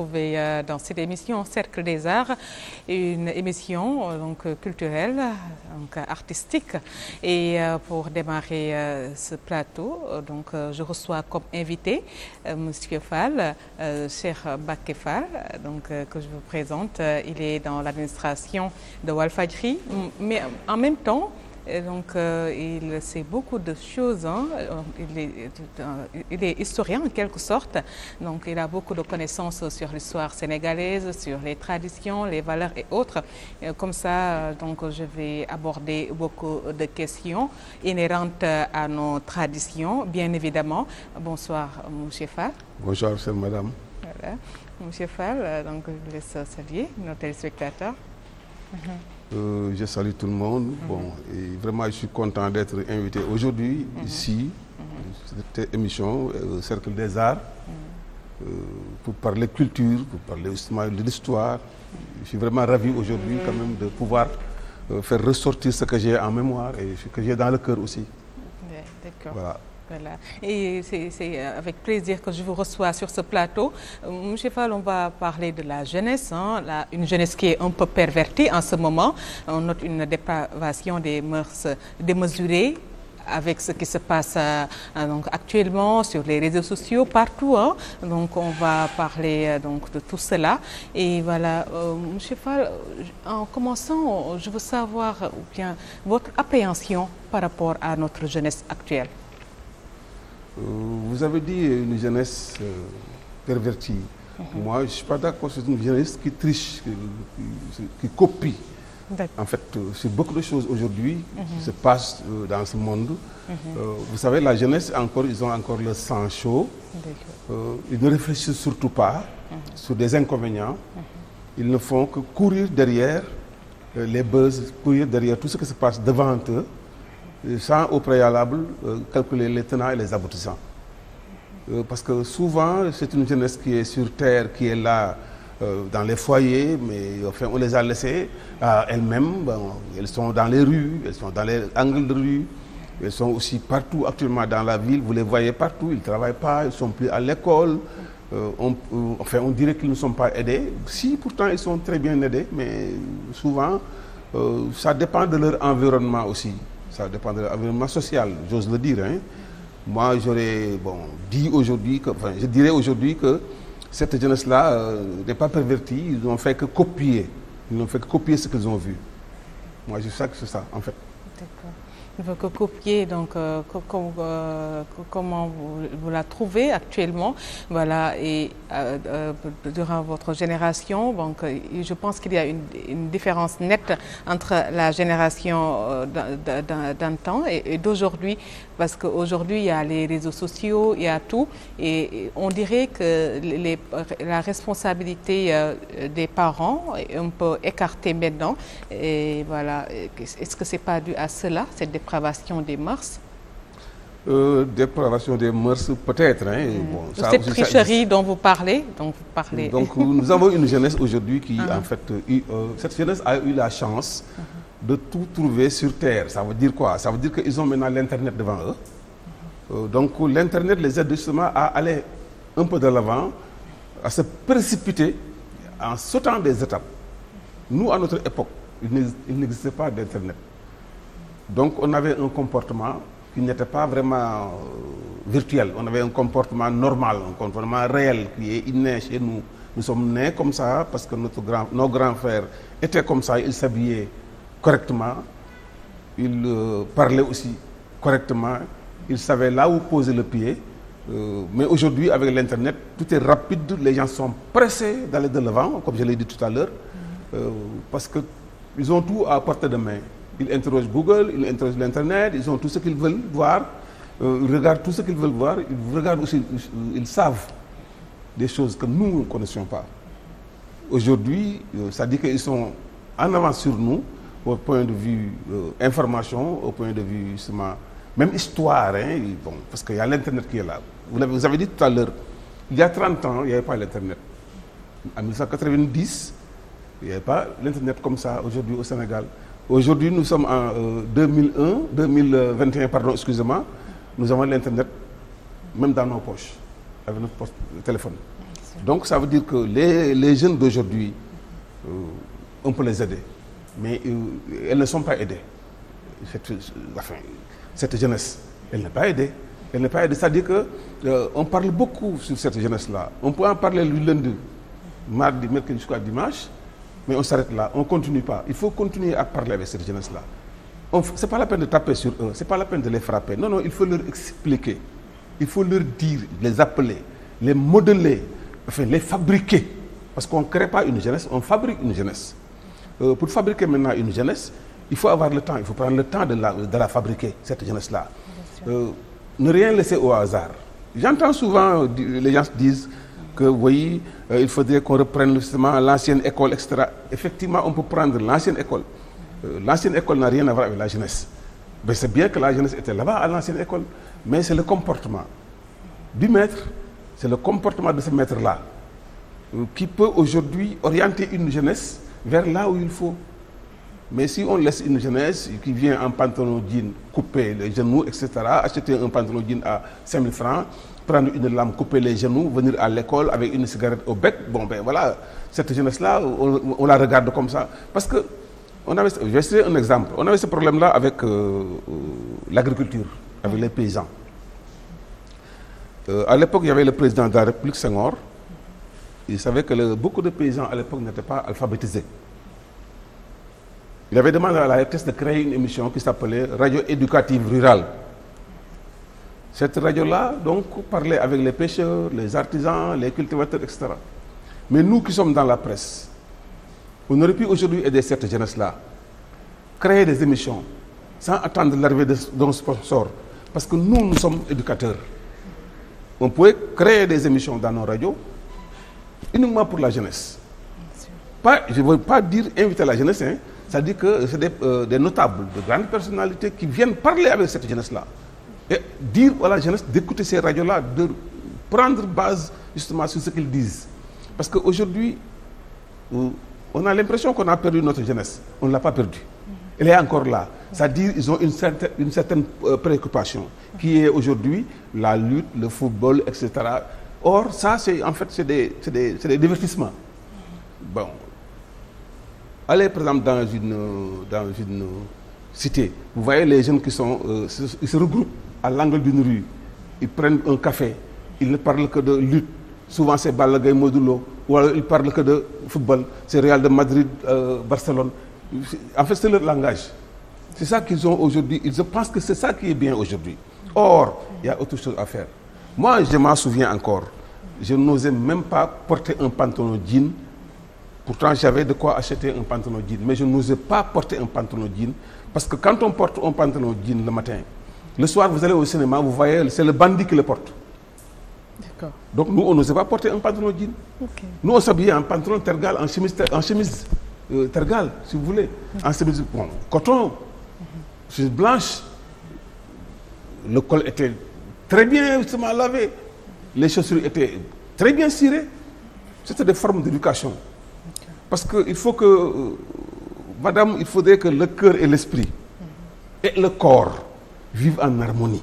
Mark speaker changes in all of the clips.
Speaker 1: retrouver euh, dans cette émission Cercle des Arts, une émission euh, donc, culturelle, donc, artistique. Et euh, pour démarrer ce plateau, donc, je reçois comme invité M. Fall, cher Bakefal, donc, que je vous présente. Il est dans l'administration de Walfadri, mais en même temps, donc, euh, il sait beaucoup de choses. Euh, il, est, euh, il, est, historien en quelque sorte. Donc, il a beaucoup de connaissances sur l'histoire sénégalaise, sur les traditions, les valeurs et autres. comme ça, donc, je vais aborder beaucoup de questions inhérentes à nos traditions, bien évidemment. Bonsoir, Monsieur Fall. Bonsoir, Monsieur Fall, donc, je vous laisse saluer nos téléspectateurs. Mhm.
Speaker 2: Euh, je salue tout le monde. Mm -hmm. Bon, et vraiment, je suis content d'être invité aujourd'hui mm -hmm. ici, mhm. cette émission, euh, Cercle des Arts, mhm. euh, pour parler culture, pour parler justement de l'histoire. Je suis vraiment ravi aujourd'hui quand mhm. même de pouvoir euh, faire ressortir ce que j'ai en mémoire et ce que j'ai dans le cœur aussi.
Speaker 1: Voilà, et c'est avec plaisir que je vous reçois sur ce plateau. Euh, monsieur Fall, on va parler de la jeunesse, hein, la, une jeunesse qui est un peu pervertie en ce moment. On note une dépravation des mœurs démesurée avec ce qui se passe euh, donc actuellement sur les réseaux sociaux partout hein. donc on va parler euh, donc de tout cela et voilà euh, monsieur Fall euh, en commençant je veux savoir ou bien votre appréhension par rapport à notre jeunesse actuelle
Speaker 2: Euh, vous avez dit une jeunesse euh, pervertie. Mhm. Moi, je pas d'accord, c'est une jeunesse qui triche, qui, copie. En fait, euh, c'est beaucoup de choses aujourd'hui mm -hmm. qui mhm. se passent dans ce monde. Mhm. vous savez, la jeunesse, encore, le sang chaud. ils ne réfléchissent pas sur des inconvénients. Ils ne font que courir derrière les buzz, courir derrière tout ce qui se passe devant eux. sans au préalable euh, calculer les tenants et les aboutissants euh, parce que souvent c'est une jeunesse qui est sur terre qui est là euh, dans les foyers mais enfin on les a laissées à elles-mêmes bon, elles sont dans les rues elles sont les angles de rue aussi partout actuellement dans la ville vous les voyez partout ils travaillent pas ils sont plus à l'école euh, on euh, enfin on dirait qu'ils ne sont pas aidés si pourtant ils sont très bien aidés mais souvent euh, ça dépend de leur environnement aussi ça dépend de l'environnement social, j'ose le dire. Hein. Moi, j'aurais bon, dit aujourd'hui, que, enfin, je dirais aujourd'hui que cette jeunesse-là euh, n'est pas pervertie, ils n'ont fait que copier. Ils n'ont fait que copier ce qu'ils ont vu. Moi, je sais que c'est ça, en fait.
Speaker 1: ne veut que copier donc euh, comme euh, comment vous, vous la trouvez actuellement voilà et euh, euh durant votre génération donc euh, je pense qu'il y a une, une différence nette entre la génération euh, d'un temps et, et d'aujourd'hui parce qu'aujourd'hui il y a les réseaux sociaux il y a tout et on dirait que les, la responsabilité des parents est un peu écartée maintenant et voilà est-ce que c'est pas dû à cela cette dépravation des mœurs
Speaker 2: euh, dépravation des mœurs peut-être hein. Mmh. Bon, ça cette aussi, tricherie
Speaker 1: ça... dont vous parlez donc nous avons
Speaker 2: une jeunesse aujourd'hui qui ah. en fait eu, euh, cette jeunesse a eu la chance uh-huh. de tout trouver sur terre ça veut dire quoi ça veut dire qu'ils ont maintenant l'internet devant eux ah. euh, donc l'internet les aide justement à aller un peu de l'avant à se précipiter en sautant des étapes nous à notre époque il n'existait pas d'internet donc on avait un comportement qui n'était pas vraiment euh, virtuel on avait un comportement normal un comportement réel qui est inné chez nous nous sommes nés comme ça parce que notre grand nos grands frères étaient comme ça ils s'habillaient correctement ils euh, parlaient aussi correctement ils savaient là où poser le pied euh, mais aujourd'hui avec l'internet tout est rapide les gens sont pressés d'aller de l'avant comme je l'ai dit tout à l'heure euh, parce que ils ont tout à portée de main ils interrogent Google ils interrogent l'internet ils ont tout ce qu'ils veulent voir euh, ils regardent tout ce qu'ils veulent voir ils regardent aussi euh, ils savent des choses que nous ne connaissions pas aujourd'hui euh, ça dit qu'ils sont en avance sur nous au point de vue euh, information au point de vue justement même histoire hein bon parce que y a l'internet qui est là vous l'avez vous avez dit tout à l'heure il y a 30 ans il n'y avait pas l'internet comme ça aujourd'hui au Sénégal aujourd'hui nous sommes en 2001 euh, 2021 pardon excusez-moi nous avons l'internet même dans nos poches avec notre poche téléphone donc ça veut dire que les les jeunes d'aujourd'hui euh, on peut les aider mais euh, elles ne sont pas aidées cette enfin, cette jeunesse elle n'est pas aidée elle n'est pas aidée c'est-à-dire que euh, on parle beaucoup sur cette jeunesse là on peut en parler le lundi mardi mercredi jusqu'à dimanche mais on s'arrête là on continue pas il faut continuer à parler avec cette jeunesse là on c'est pas la peine de taper sur eux c'est pas la peine de les frapper non non il faut leur expliquer il faut leur dire les appeler les modeler enfin les fabriquer parce qu'on crée pas une jeunesse on fabrique une jeunesse euh, pour fabriquer maintenant une jeunesse il faut avoir le temps il faut prendre le temps de la fabriquer cette jeunesse là euh, ne rien laisser que oui, euh, il faudrait qu'on reprenne école, etc. Effectivement, on prendre l'ancienne école. Euh, école n'a rien à voir avec la jeunesse. Mais c'est bien que la mais le comportement du maître, le comportement de ce maître-là euh, qui une jeunesse vers là où il Mais si on une jeunesse qui vient en pantalon jean couper les genoux, etc., acheter un pantalon jean à 5000 francs, prendre une lame, couper les genoux, venir à l'école avec une cigarette au bec, voilà, cette jeunesse-là, on, la regarde comme ça. Parce que, on avait, je vais citer un exemple, on avait ce problème-là avec euh, euh, l'agriculture, avec les paysans. Euh, à l'époque, il y avait le président de la République, Senghor. Il savait que le, beaucoup de paysans à l'époque n'étaient pas alphabétisés. Il avait demandé à la RTS de créer une émission qui s'appelait Radio éducative rurale. Cette radio-là, donc, parlait avec les pêcheurs, les artisans, les cultivateurs, etc. Mais nous qui sommes dans la presse, on aurait pu aujourd'hui aider cette jeunesse-là, créer des émissions, sans attendre l'arrivée d'un sponsor. Parce que nous, nous sommes éducateurs. On pouvait créer des émissions dans nos radios, uniquement pour la jeunesse. Pas, je ne veux pas dire inviter la jeunesse, hein. ça dit que c'est des, euh, des notables, de grandes personnalités qui viennent parler avec cette et dire à la jeunesse d'écouter ces radios-là, de prendre base justement sur ce qu'ils disent. Parce qu'aujourd'hui, on a l'impression qu'on a perdu notre jeunesse. On ne l'a pas perdue. Elle est encore là. C'est-à-dire ils ont une certaine, une certaine euh, préoccupation qui est aujourd'hui la lutte, le football, etc. Or, ça, c'est en fait, c'est des, des, des divertissements. Bon. Allez, par exemple, dans une, dans une cité, vous voyez les jeunes qui sont, euh, se regroupent à l'angle d'une rue ils prennent un café ils ne parlent que de lutte souvent c'est Balla Gaye Modou wala ils parlent que de football c'est Real de Madrid euh, Barcelone en fait c'est leur langage c'est ça qu'ils ont aujourd'hui ils je pense que c'est ça qui est bien aujourd'hui or il y a autre chose à faire moi je m'en souviens encore je n'osais même pas porter un pantalon jean pourtant j'avais de quoi acheter un pantalon jean mais je n'osais pas porter un pantalon jean parce que quand on porte un pantalon jean le matin Le soir, vous allez au cinéma, vous voyez, c'est le bandit qui le porte. Donc nous, on n'osait pas porter un pantalon jean. Okay. Nous, on s'habillait en pantalon tergal, en chemise, en chemise euh, tergal, si vous voulez. En chemise, coton, mm -hmm. blanche. Le était très bien justement lavé. Les chaussures étaient très bien cirées. C'était des formes d'éducation. parce que qu'il faut que, euh, madame, il faudrait que le cœur et l'esprit mm et le corps vivent en harmonie.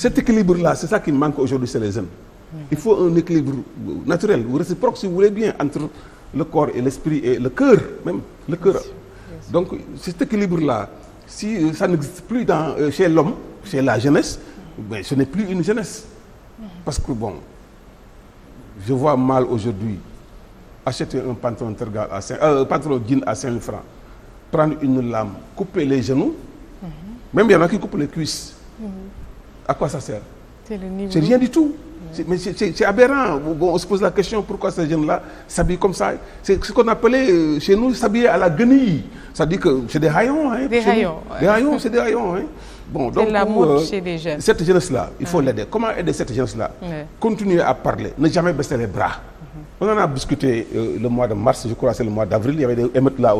Speaker 2: cet équilibre-là c'est ça qui manque aujourd'hui chez les jeunes. il faut un équilibre naturel ou réciproque si vous bien entre le corps et l'esprit et le cœur même le cœur. donc cet équilibre-là si ça n'existe plus dans euh, chez l'homme chez la jeunesse mais ce n'est plus une jeunesse. parce que bon je vois mal aujourd'hui acheter un pantalon tergal à cinq euh, pantalon à cinq francs prendre une lame couper les genoux Même il y en a qui mhm. À quoi ça sert
Speaker 1: C'est rien
Speaker 2: du tout. Mmh. Mais c'est aberrant. On se pose la question pourquoi ces jeunes-là s'habillent comme ça. C'est ce qu'on appelait euh, chez nous s'habiller à la guenille. Ça dit que c'est des haillons. Hein, des haillons. Ouais. Des haillons, c'est des haillons. Bon, donc, la euh, mode euh, là il faut l'aider. Comment aider cette jeunesse-là Continuer à parler, ne jamais baisser les bras. Mhm. On en a euh, le mois de mars, je crois, le mois d'avril. Il y avait des émeutes là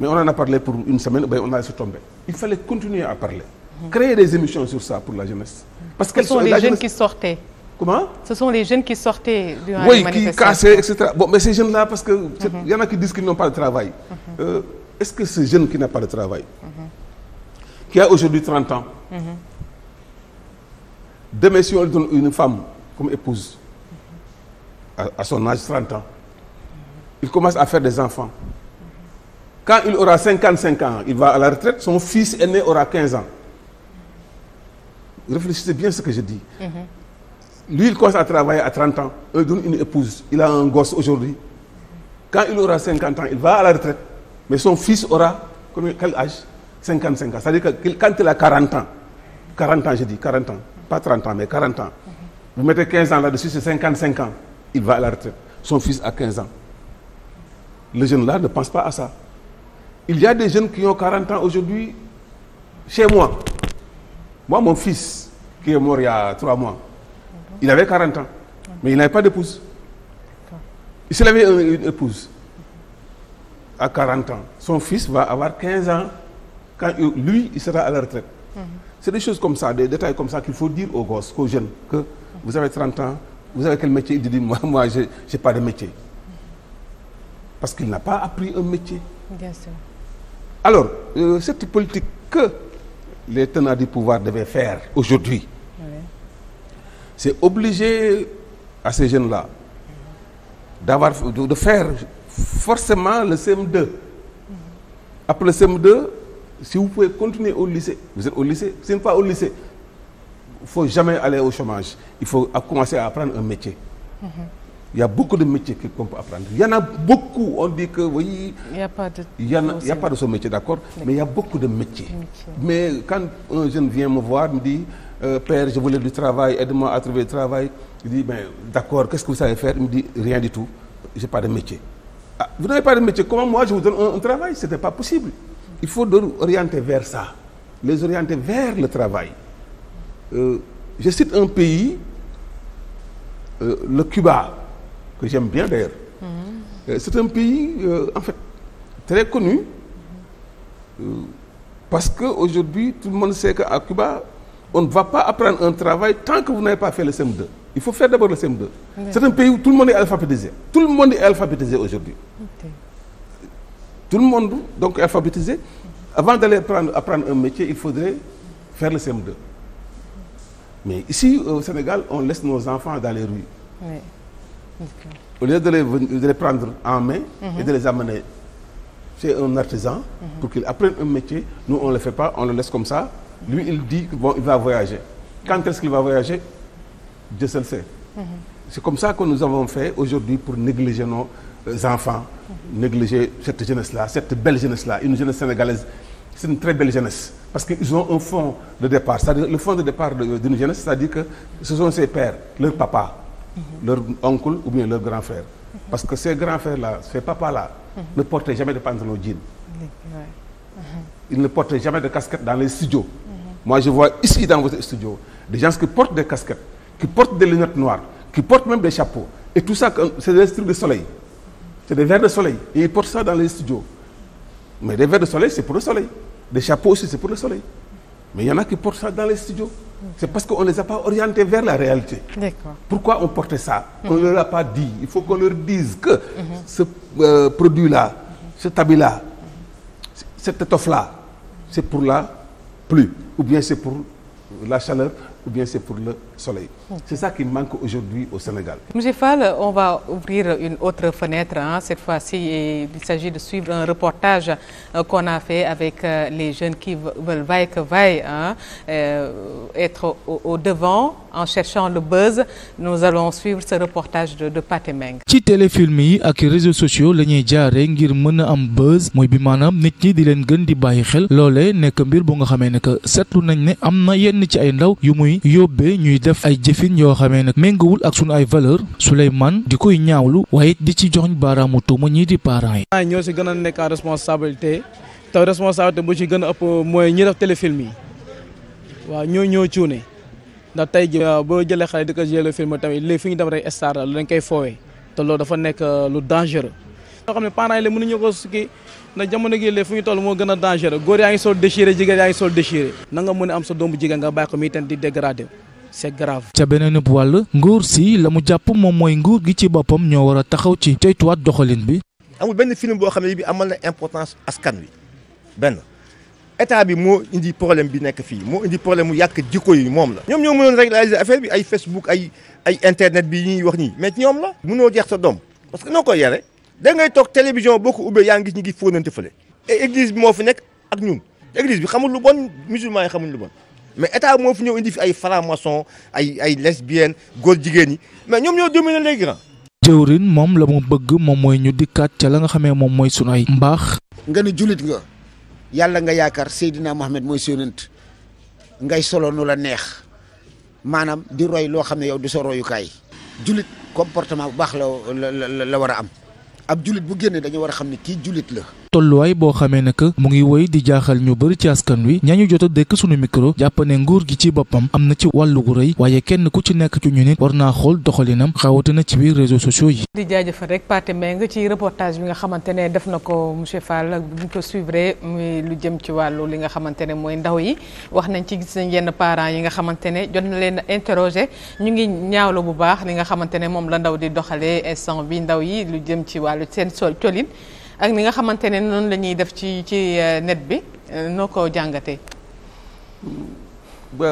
Speaker 2: mais on en a parlé pour une semaine ben on a laissé tomber il fallait continuer à parler créer des émissions sur ça pour la jeunesse parce que ce sont les jeunes qui sortaient comment ce sont les
Speaker 1: jeunes qui sortaient durant oui, les qui cassaient
Speaker 2: etc bon mais ces jeunes là parce que il mhm. y en a qui disent de travail mhm. euh, est-ce que ce jeune qui n'a pas de travail mhm. qui a aujourd'hui 30 ans demain si on lui donne une femme comme épouse à, son âge 30 ans il commence à faire des enfants Quand il aura 55 ans, il va à la retraite, son fils aîné aura 15 ans. Réfléchissez bien ce que je dis. Mm-hmm. Lui, il commence à travailler à 30 ans, il donne une épouse, il a un gosse aujourd'hui. Quand il aura 50 ans, il va à la retraite, mais son fils aura quel âge 55 ans. C'est-à-dire que quand il a 40 ans, 40 ans, je dis 40 ans, pas 30 ans, mais 40 ans. Mm-hmm. Vous mettez 15 ans la retraite. Son fils a il y a des jeunes qui ont 40 ans aujourd'hui chez moi. Moi, mon fils, qui est mort il y a mois, il avait 40 ans, mais il n'avait pas d'épouse. S'il avait épouse à 40 ans, son fils va avoir 15 ans quand il sera à la retraite. C'est des choses comme ça, des détails comme ça qu'il faut dire aux que vous avez 30 ans, vous avez quel métier Parce qu'il n'a pas appris un métier. alors euh, cette politique que les tenants du pouvoir devaient faire aujourd'hui oui. c'est obliger à ces jeunes-là d'avoir de faire forcément le CM2 après le CM2 si vous pouvez continuer au lycée vous êtes au lycée si vous n'êtes au lycée il faut jamais aller au chômage il faut commencer à apprendre un métier ya a beaucoup de métiers qu'on peut apprendre il y en a que oui. y' a pas de y' en a y' a pas de mais il beaucoup de métiers. mais quand un jeune vient me voir me dit euh, père je voulais du travail aide-moi à trouver du travail je dis ben d' accord qu'est-ce que vous savez faire il me dit rien du tout j'ai pas de métier. ah vous n'avez pas de métier comment moi je vous donne un, un travail c'était pas possible il faut donc orienter vers ça les orienter vers le travail euh, un pays euh, le Cuba. que j'aime bien d'ailleurs
Speaker 3: mmh.
Speaker 2: c'est un pays euh, en fait très connu euh, parce que aujourd'hui tout le monde sait que à Cuba on ne va pas apprendre un travail tant que vous n'avez pas fait le cm il faut faire d'abord le CM2 pays tout le monde est alphabétisé tout le monde est alphabétisé donc alphabétisé avant d'aller apprendre, apprendre un métier il faudrait faire le CM2 mais ici au Sénégal on laisse nos enfants dans les rues au lieu de les de les prendre en main. Mhm. et de les amener chez un artisan. Mhm. pour qu'il apprenne un métier nous on le fait pas on le laisse comme ça lui il dit bon va voyager quand est qu'il va voyager Dieu seul mhm. c'est comme ça que nous avons fait aujourd'hui pour négliger nos euh, enfants. négliger cette jeunesse là cette belle jeunesse là une jeunesse sénégalaise c'est une très belle jeunesse parce que ont un fond de départ c'est-à-dire le euh, c'est-à-dire que Mhm. leur oncle ou bien leur grand frère. Mhm. parce que ces grands frères la ces papas là. Mhm. ne portaient jamais de pantalon jean. ils ne portaient jamais de casquette dans les studios. moi je vois ici dans votre studio des gens qui portent des casquettes qui portent des lunettes noires qui portent même des chapeaux et tout ça c'est des trucs de soleil. c'est des verres de soleil et ils portent ça dans les studios mais des verres de soleil c'est pour le soleil des chapeaux aussi c'est pour mais il y en a qui portent ça dans les studios. C'est parce qu'on ne les a pas orientés vers la réalité. D'accord. Pourquoi on portait ça mhm. On ne leur a pas dit. Il faut qu'on leur dise que mhm. ce euh, produit-là, cet habit-là, cette étoffe-là, c'est pour la pluie, ou bien c'est pour la chaleur, ou bien c'est pour le soleil. C'est ça qui manque aujourd'hui au Sénégal.
Speaker 1: Monsieur Fall, on va ouvrir une autre fenêtre. Hein, cette fois-ci, il s'agit de suivre un reportage euh, qu'on a fait avec euh, les jeunes qui veulent vaille que vaille hein, euh, être au, au devant en cherchant le buzz. Nous allons suivre ce reportage de de Pathé Meng.
Speaker 4: ci téléfilm yi ak réseaux sociaux la ñuy jaaree ngir mën a am buzz mooy bi maanaam nit ñi di leen gën di bàyyi xel loolee nekk mbir bu nga xamee ne que seetlu nañ ne am na yenn ci ay ndaw yu muy yóbbee ñuy def ay jëfin yoo xamee ne méngawul ak sunu ay valeur Souleymane di koy ñaawlu waaye di ci joxñ baaraamu tuuma ñii di parents yi ñoo si gën a nekk en responsabilité te responsabilité bu ci gën a ëpp mooy ñi def téléfilm yi waaw ñoo ñoo cuune ndax tey boo jëlee xale di ko jëlee film tamit léegi fi ñu dem rek star la dañ koy foowee te loolu dafa nekk euh, lu dangereux loo xam ne parents yi la mënuñu ko sukki na jamono gi léegi fu ñu toll moo gën a dangereux góor yaa ngi sol sol déchiré na nga mën am sa doomu jigéen nga bàyyi ko muy ten di dégradé c'est grave. ca beneen wàll nguur si la mu jàpp moom mooy nguur gi ci boppam ñoo war a taxaw ci ceytuwaat doxalin bi. amul benn film boo xam ne bi amal na importance askan wi benn état bi moo indi problème bi nekk fii moo indi problème mu yàq jikko yi moom la. ñoom ñoo mënoon régulariser affaire bi ay Facebook ay ay internet bi ñuy wax nii mais ñoom la. munoo jeex sa doom parce que noo koy yare da ngay toog télévision boo ko ubbee yaa ngi gis ñu ngi fóonante fële. et moo fi nekk ak ñun église bi xamul lu bon musulman yi xamuñ lu bon. mais état moo fi ñëw indi fi ay franc-maçon ay ay lesbienne góor jigéen yi mais ñoom ñoo dominé léegi grand. jëwrin moom la mu bëgg moom mooy ñu dikkaat ca la nga xamee moom mooy sunu ay mbaax. nga ni jullit nga yàlla nga yaakaar Seydina Mohamed mooy sónent ngay solo nu la neex maanaam di roy loo xam ne yow di sa royukaay. jullit comportement bu baax la la la war a am ab jullit bu génne dañu war a xam ne kii jullit la. tolluwaay boo xamee nag mu ngi woy di jaaxal ñu bëri ci askan wi ñañu jot a dëkk suñu micro jàpp ne nguur gi ci boppam am na ci wàll gu rëy waaye kenn ku ci nekk ci ñu nit war naa xool doxalinam xawatu na ci biir réseaux sociaux yi.
Speaker 1: di jaajëfal rek Pathé Mbengue ci reportage bi nga xamante ne def na ko monsieur bu ñu ko suivre lu jëm ci wàllu li nga xamante ne mooy ndaw yi wax nañ ci gis nañ yenn parents yi nga xamante ne jot na leen interroger ñu ngi ñaawlo bu baax li nga xamante ne moom la ndaw di doxalee instant bi ndaw yi lu jëm ci wàllu seen sol colin ak ni nga xamante ne noonu lañuy def ci ci euh, net bi euh, noo ko jàngatee.
Speaker 2: ba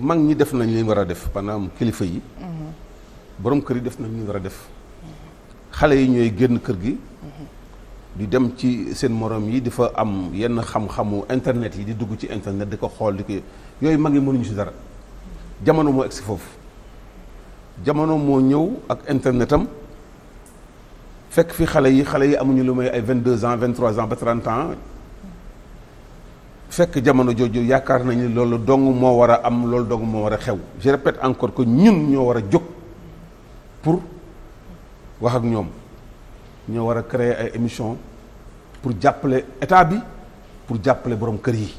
Speaker 2: mag ñi def nañ li war a def maanaam kilifa yi. Mm-hmm. borom kër yi def nañ war a def. xale yi ñooy génn kër gi. Mm-hmm. di dem ci seen morom yi di fa am yenn xam-xamu internet yi di dugg ci internet di ko xool di ko yooyu mag yi mënuñu si dara jamono moo egsi foofu jamono moo ñëw ak internetam. fekk fi xale yi xale yi amuñu lu may ay vingt deux ans vingt trois ans ba trente ans fekk jamono jooju yaakaar nañu loolu dong moo war a am loolu dong moo war a xew je encore que ñun ñoo war a jóg pour wax ak ñoom ñoo war a créer ay émission pour jàppale état bi pour jàppale borom kër yi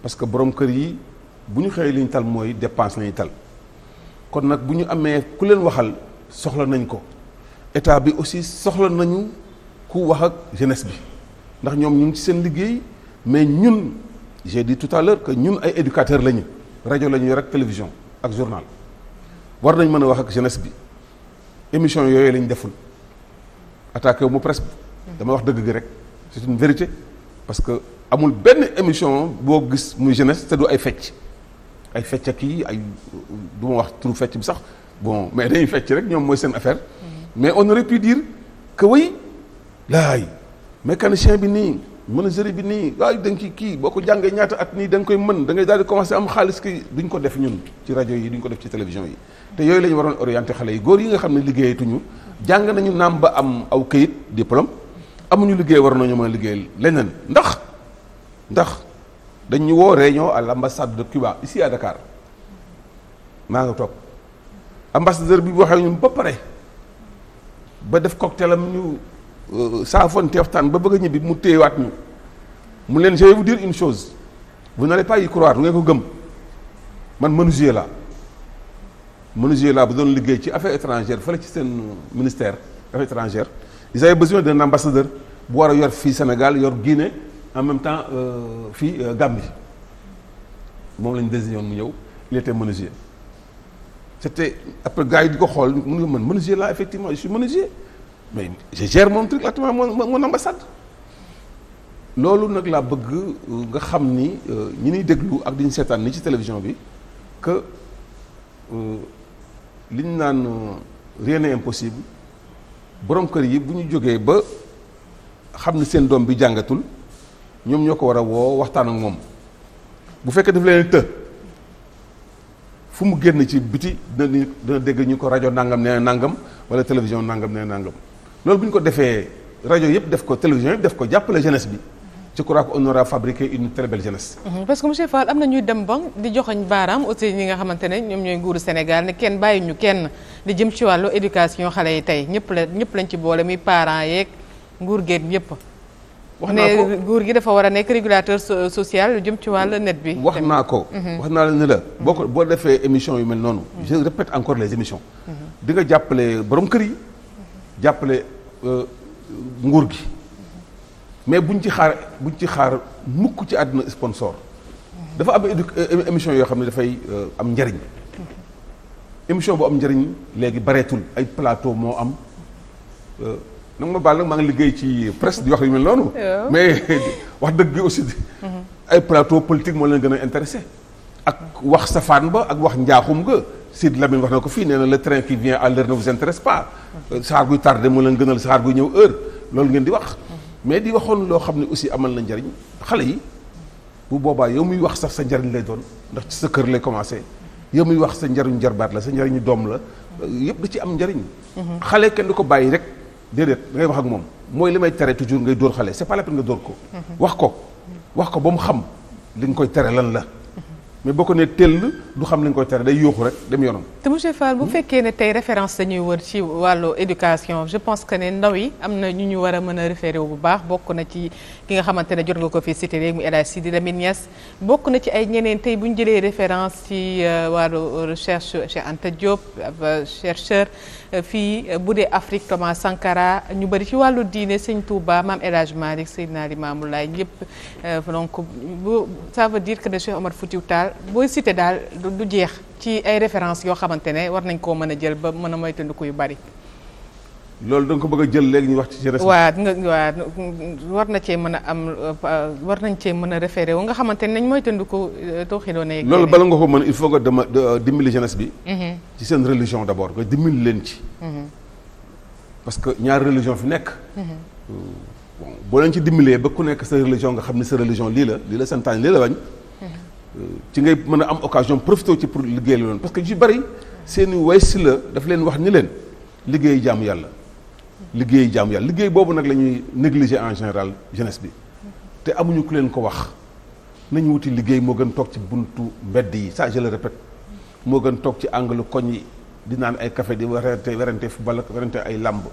Speaker 2: parce que borom kër yi bu ñu xëyee li tal mooy dépense la tal kon nag bu ñu amee ku leen waxal soxla nañ ko état bi aussi soxla nañu ku wax ak jeunesse bi ndax ñoom ñu ngi ci seen liggéey mais ñun j'ai dit tout à que ñun ay éducateurs lañu rajo lañu yor ak télévision ak journal war nañ mën a wax ak jeunesse bi émission yooyu lañ deful attaqué wu mu presse dama wax dëgg gi rek c'est une vérité parce que amul benn émission boo gis muy jeunesse te du ay fecc ay fecc ak yi ay du wax turu fecc bi sax bon mais dañuy fecc rek ñoom mooy seen affaire. mais on aurait pu dire que oui laay mécanicien bi nii menuisier bi nii waaye da nga kii boo ko jàngee ñaata at nii da koy mën da ngay daal di commencé am xaalis ki duñ ko def ñun ci rajo yi duñ ko def ci télévision yi te yooyu lañu ñu waroon orienté xale yi góor yi nga xam ne liggéeyatuñu jàng nañu naam ba am aw këyit diplôme amuñu liggéey war nañu mën a liggéey leneen ndax ndax dañ ñu woo réunion à l' ambassade de Cuba ici à Dakar maa nga toog ambassadeur bi waxee ñun ba pare. ba def cocktailam ñu euh, saafoon te waxtaan ba bëgg a ñibbi mu téyewaat ñu mu leen je bu vous une chose vous n'allez pas y croire du ngeen ko gëm man menuisier laa menuisier laa bu doon liggéey ci affaires étrangères fële ci seen ministère affaires étrangères ils avaient besoin d'un ambassadeur bu war a yor fii Sénégal yor Guinée en même temps euh, fii euh, Gambie moom lañ désigné mu ñëw il était c'était après gars yi di ko xool mun nga man menuisier là effectivement je suis menuisier mais je gère mon truc actuellement mon mon ambassade loolu nag laa bëgg euh, nga xam ni euh, ñi ñuy déglu ak di ñu seetaan ni ci télévision bi que euh, li naan rien n'est impossible borom kër yi bu ñu jógee ba xam ni seen doom bi jàngatul ñoom ñoo ko war a woo waxtaan ak moom bu fekkee daf leen të. fu mu génn ci biti dina dina dégg ñu ko rajo nangam nee nangam wala télévision nangam nee nangam loolu bu ñu ko defee rajo yëpp def ko télévision yëpp def ko jàppale jeunesse bi je crois qu'on aura fabriqué une très belle mhm,
Speaker 1: parce que monsieur Fall am na ñuy dem ba di joxoñ baaraam aussi ñi nga xamante ne ñoom ñooy nguuru Sénégal ne kenn bàyyi ñu kenn di jëm ci wàllu éducation xale yi tey ñëpp la ñëpp lañ ci boole muy parents yeeg nguur geeg ñëpp. wax naa ko nguur gi dafa war a nekk régulateur social lu jëm ci wàll
Speaker 2: net bi. wax naa ko. Mhm. wax naa la ne la boo ko boo defee émission yu mel noonu. je répète encore les émissions. Mhm. di jàppale borom kër yi jàppale euh, nguur gi mais buñ ci xaar buñ ci xaar mukk ci àdduna sponsor. Mhm. dafa am émission yoo xam ne dafay euh, am njariñ émission bu am njariñ léegi bareetul ay plateau moo am. Euh, nag ma baal nag maa ngi liggéey ci presse di wax yu mel noonu. mais wax dëgg aussi. Mm-hmm. ay plateau politique moo leen gën a intéressé. ak wax safaan ba ak wax njaaxum nga Sid Lamine wax na ko fii nee la le train qui vient à l'heure ne vous intéresse pas. Mm-hmm. Euh, saxaar guy tardé moo leen gënal saxaar guy ñëw heure loolu ngeen di wax. Mm-hmm. mais di waxoon loo xam ne aussi amal na njariñ xale yi bu boobaa yow muy wax sax sa njariñ lay doon ndax ci sa kër lay commencé yow muy wax sa njariñ jarbaat la sa njariñu doom la yëpp ci am njariñ. xale kenn du ko déedéet da ngay wax ak moom mooy li may tere toujours ngay dóor xale c'est pas la peine nga dóor ko. wax ko wax ko ba mu xam li nga koy tere lan la. mais boo ko nee tell du xam li nga koy tere day yóoxu rek dem yoonam.
Speaker 1: te monsieur Fall bu hmm? fekkee ne tey référence dañuy wër ci wàllu éducation je pense que ne ndaw yi am na ñu ñu war a mën a référé wu bu baax bokk na ci ki nga xamante ne jot nga ko fii site léegi mu El Hadj Sidi Lamine Niass bokk na ci ay ñeneen tey bu ñu jëlee référence ci euh, wàllu recherche Cheikh Anta Diop euh, chercheur. Euh, fii euh, bu dee Afrique Thomas Sankara ñu bari ci wàllu diine sëñ Touba maam El Hadj Malick Seydina Limamou Laye ñëpp euh, donc bu ça veut dire que ne Cheikh Omar Foutiou booy cité daal du jeex ci ay références yoo xamante ne war nañ koo mën a jël ba mën a moytandiku yu bari
Speaker 2: loolu da nga ko bëgg a jël léegi ñu wax ci. waaw
Speaker 1: nga waaw war na cee mën a am war nañ cee mën a référé wu nga xamante ne nañ mooy tënd ko euh, tooxidoo na loolu bala nga ko mën il
Speaker 2: faut que dama euh, dimbali jeunesse bi. Mhm. ci seen religion d' abord nga dimbali leen ci. Mhm. parce que ñaar religion fi nekk. Mhm. Euh, bon boo leen ci dimbalee ba ku nekk sa religion nga xam ne sa religion lii la lii la santaane lii la bañ. ci ngay mën a am occasion profité ci pour liggéey la loolu parce que ju bari seen way si la daf leen wax liggéey jaamu yàlla. liggéey jaamu yàlla liggéey boobu nag la ñuy négliger en général jeunesse bi te amuñu ku leen ko wax nañu wuti liggéey moo gën toog ci buntu mbedd yi ça je le moo gën toog ci angle koñ yi di naan ay café di werante werante football ak werante ay làmb